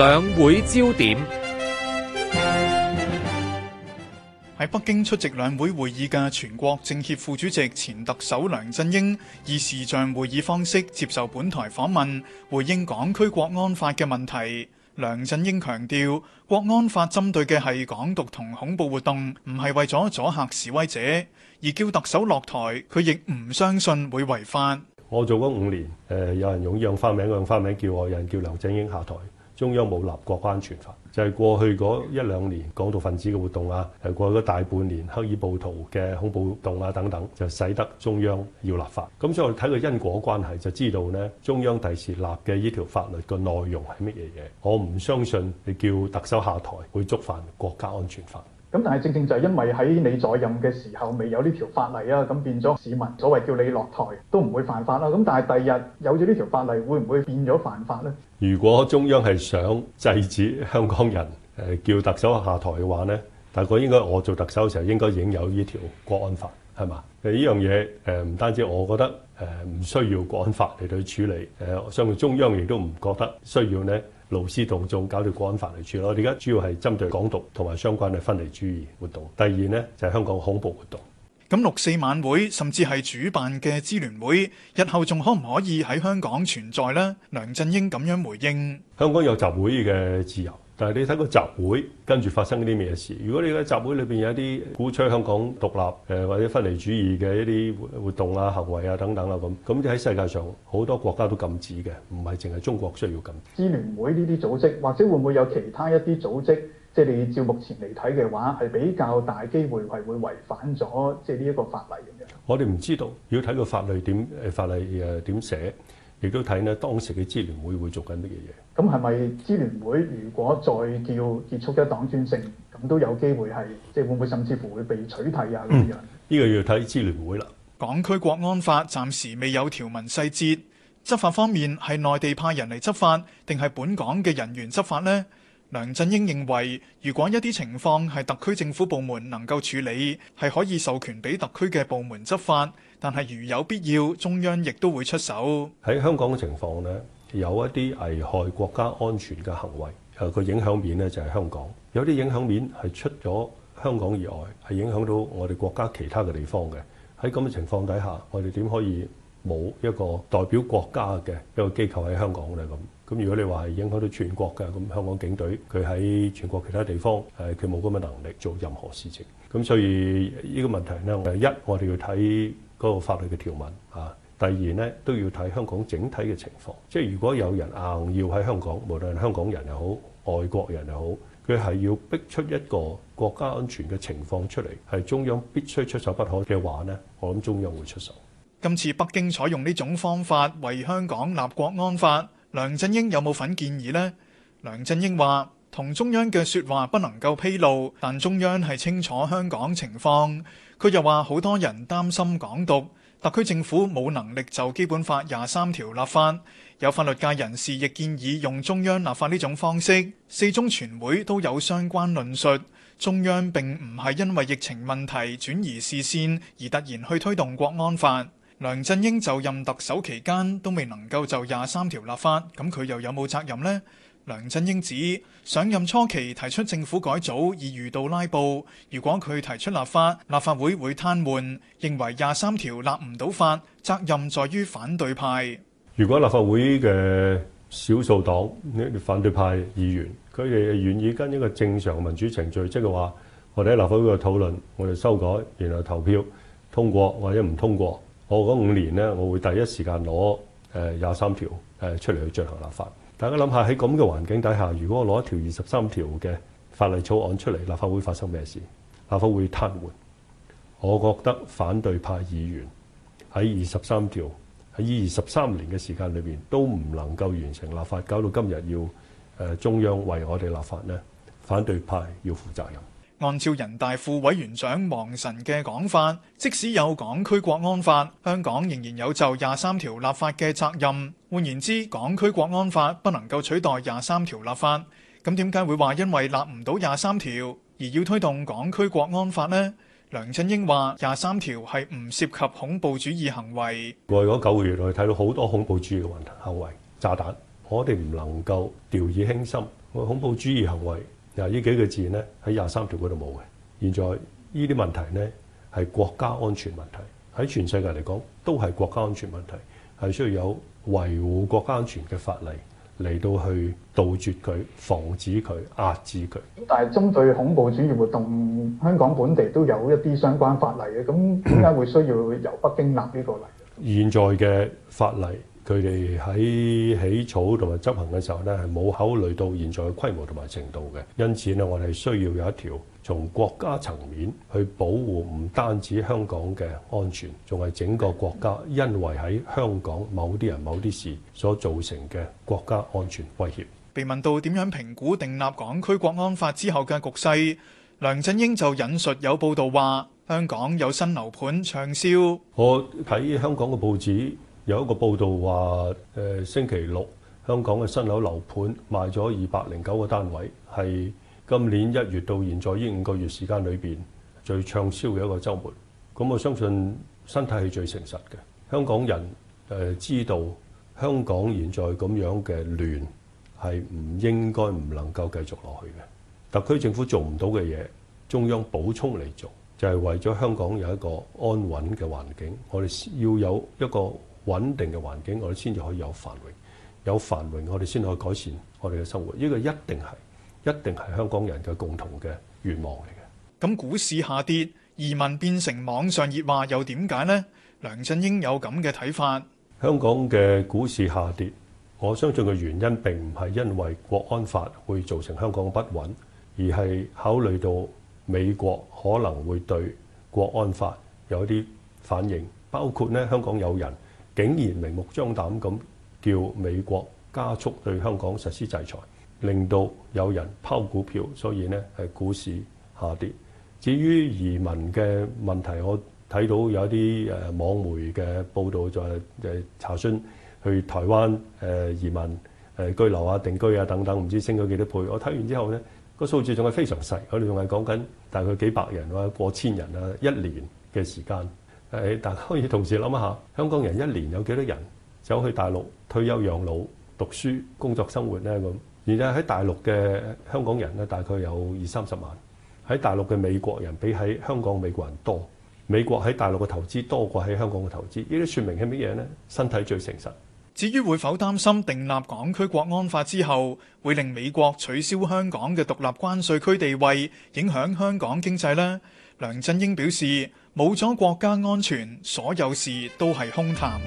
兩會焦點。喺北京出席兩會會議嘅全國政協副主席、前特首梁振英以視像會議方式接受本台訪問，回應港區國安法嘅問題。梁振英強調，國安法針對嘅係港獨同恐怖活動，唔係為咗阻嚇示威者，而叫特首落台，佢亦唔相信會違法。我做咗五年，誒、呃，有人用樣花名，樣花名叫我，有人叫梁振英下台。中央冇立國家安全法，就係、是、過去嗰一兩年港獨分子嘅活動啊，誒過去嗰大半年黑衣暴徒嘅恐怖活動啊等等，就使得中央要立法。咁所以我哋睇個因果關係，就知道呢，中央第時立嘅依條法律嘅內容係乜嘢嘢？我唔相信你叫特首下台會觸犯國家安全法。咁但係正正就係因為喺你在任嘅時候未有呢條法例啊，咁變咗市民所謂叫你落台都唔會犯法啦。咁但係第日有咗呢條法例，會唔會變咗犯法咧？如果中央係想制止香港人誒叫特首下台嘅話咧，大概應該我做特首嘅時候應該已經有呢條國安法。係嘛？呢樣嘢誒唔單止，我覺得誒唔需要國安法嚟去處理，我相信中央亦都唔覺得需要咧，勞師動眾搞到條國安法嚟處理。我哋而家主要係針對港獨同埋相關嘅分離主義活動。第二呢，就係香港恐怖活動。咁六四晚會甚至係主辦嘅支聯會，日後仲可唔可以喺香港存在呢？梁振英咁樣回應：香港有集會嘅自由。但係你睇個集會，跟住發生啲咩事？如果你喺集會裏面有一啲鼓吹香港獨立、呃、或者分離主義嘅一啲活動啊、行為啊等等啦、啊，咁咁喺世界上好多國家都禁止嘅，唔係淨係中國需要禁止。支聯會呢啲組織，或者會唔會有其他一啲組織？即係你照目前嚟睇嘅話，係比較大機會係會違反咗即係呢一個法例咁樣。我哋唔知道，要睇個法例點法例點寫。亦都睇呢當時嘅支聯會會做緊乜嘢。咁係咪支聯會如果再叫結束一黨專政，咁都有機會係即會唔會甚至乎會被取締啊？呢樣呢個要睇支聯會啦。港區國安法暫時未有條文細節，執法方面係內地派人嚟執法，定係本港嘅人員執法呢？梁振英認為，如果一啲情況係特區政府部門能夠處理，係可以授權俾特區嘅部門執法；但係如有必要，中央亦都會出手。喺香港嘅情況呢，有一啲危害國家安全嘅行為，誒個影響面呢就係香港。有啲影響面係出咗香港以外，係影響到我哋國家其他嘅地方嘅。喺咁嘅情況底下，我哋點可以冇一個代表國家嘅一個機構喺香港呢？咁。咁如果你話係影響到全國嘅咁，香港警隊，佢喺全國其他地方，誒佢冇咁嘅能力做任何事情。咁所以呢個問題呢，一我哋要睇嗰個法律嘅條文啊。第二呢都要睇香港整體嘅情況，即係如果有人硬要喺香港，無論香港人又好，外國人又好，佢係要逼出一個國家安全嘅情況出嚟，係中央必須出手不可嘅話呢，我諗中央會出手。今次北京採用呢種方法為香港立國安法。梁振英有冇份建議呢？梁振英話：同中央嘅說話不能夠披露，但中央係清楚香港情況。佢又話：好多人擔心港獨，特區政府冇能力就基本法廿三條立法。有法律界人士亦建議用中央立法呢種方式。四中全會都有相關論述，中央並唔係因為疫情問題轉移視線而突然去推動國安法。梁振英就任特首期間都未能夠就廿三條立法，咁佢又有冇責任呢？梁振英指上任初期提出政府改組而遇到拉布，如果佢提出立法，立法會會癱瘓，認為廿三條立唔到法，責任在於反對派。如果立法會嘅少數黨、你哋反對派議員，佢哋願意跟一個正常民主程序，即係話我哋喺立法會嘅討論，我哋修改，然後投票通過或者唔通過。我嗰五年咧，我會第一時間攞誒廿三條出嚟去進行立法。大家諗下喺咁嘅環境底下，如果我攞一條二十三條嘅法例草案出嚟，立法會發生咩事？立法會癱瘓。我覺得反對派議員喺二十三條喺二十三年嘅時間裏面都唔能夠完成立法，搞到今日要中央為我哋立法咧，反對派要負責任。按照人大副委員長王晨嘅講法，即使有港區國安法，香港仍然有就廿三條立法嘅責任，換言之，港區國安法不能夠取代廿三條立法。咁點解會話因為立唔到廿三條而要推動港區國安法呢？梁振英話廿三條係唔涉及恐怖主義行為。過去嗰九個月，我哋睇到好多恐怖主義行為、炸彈，我哋唔能夠掉以輕心。恐怖主義行為。嗱，呢幾個字咧，喺廿三條嗰度冇嘅。現在呢啲問題咧，係國家安全問題，喺全世界嚟講都係國家安全問題，係需要有維護國家安全嘅法例嚟到去杜絕佢、防止佢、壓制佢。但係針對恐怖主義活動，香港本地都有一啲相關法例嘅，咁點解會需要由北京立呢個例呢？現在嘅法例。佢哋喺起草同埋執行嘅時候咧，係冇考慮到現在嘅規模同埋程度嘅，因此咧，我哋需要有一條從國家層面去保護，唔單止香港嘅安全，仲係整個國家，因為喺香港某啲人、某啲事所造成嘅國家安全威脅。被問到點樣評估訂立港區國安法之後嘅局勢，梁振英就引述有報道話香港有新樓盤暢銷。我睇香港嘅報紙。有一個報道話，呃，星期六香港嘅新樓樓盤賣咗二百零九個單位，係今年一月到現在呢五個月時間裏面最暢銷嘅一個週末。咁我相信身體係最誠實嘅。香港人，呃，知道香港現在咁樣嘅亂係唔應該唔能夠繼續落去嘅。特區政府做唔到嘅嘢，中央補充嚟做，就係為咗香港有一個安穩嘅環境。我哋要有一個穩定嘅環境，我哋先至可以有繁榮，有繁榮，我哋先可以改善我哋嘅生活。呢、呢個一定係一定係香港人嘅共同嘅願望嚟嘅。咁股市下跌，移民變成網上熱話，又點解呢？梁振英有咁嘅睇法。香港嘅股市下跌，我相信嘅原因並唔係因為國安法會造成香港不穩，而係考慮到美國可能會對國安法有一啲反應，包括呢香港有人。竟然明目張膽咁叫美國加速對香港實施制裁，令到有人拋股票，所以咧係股市下跌。至於移民嘅問題，我睇到有一啲誒網媒嘅報導，就係誒查詢去台灣誒移民誒居留啊、定居啊等等，唔知升咗幾多倍。我睇完之後咧，個數字仲係非常細，我哋仲係講緊大概幾百人啊、過千人啊，一年嘅時間。誒大家可以同時諗一下，香港人一年有幾多人走去大陸退休養老、讀書、工作、生活呢？咁，而家喺大陸嘅香港人呢，大概有二三十萬。喺大陸嘅美國人比喺香港美國人多。美國喺大陸嘅投資多過喺香港嘅投資，呢啲説明係乜嘢呢？身體最誠實。至於會否擔心訂立港區國安法之後，會令美國取消香港嘅獨立關稅區地位，影響香港經濟呢？梁振英表示。冇咗國家安全，所有事都係空談。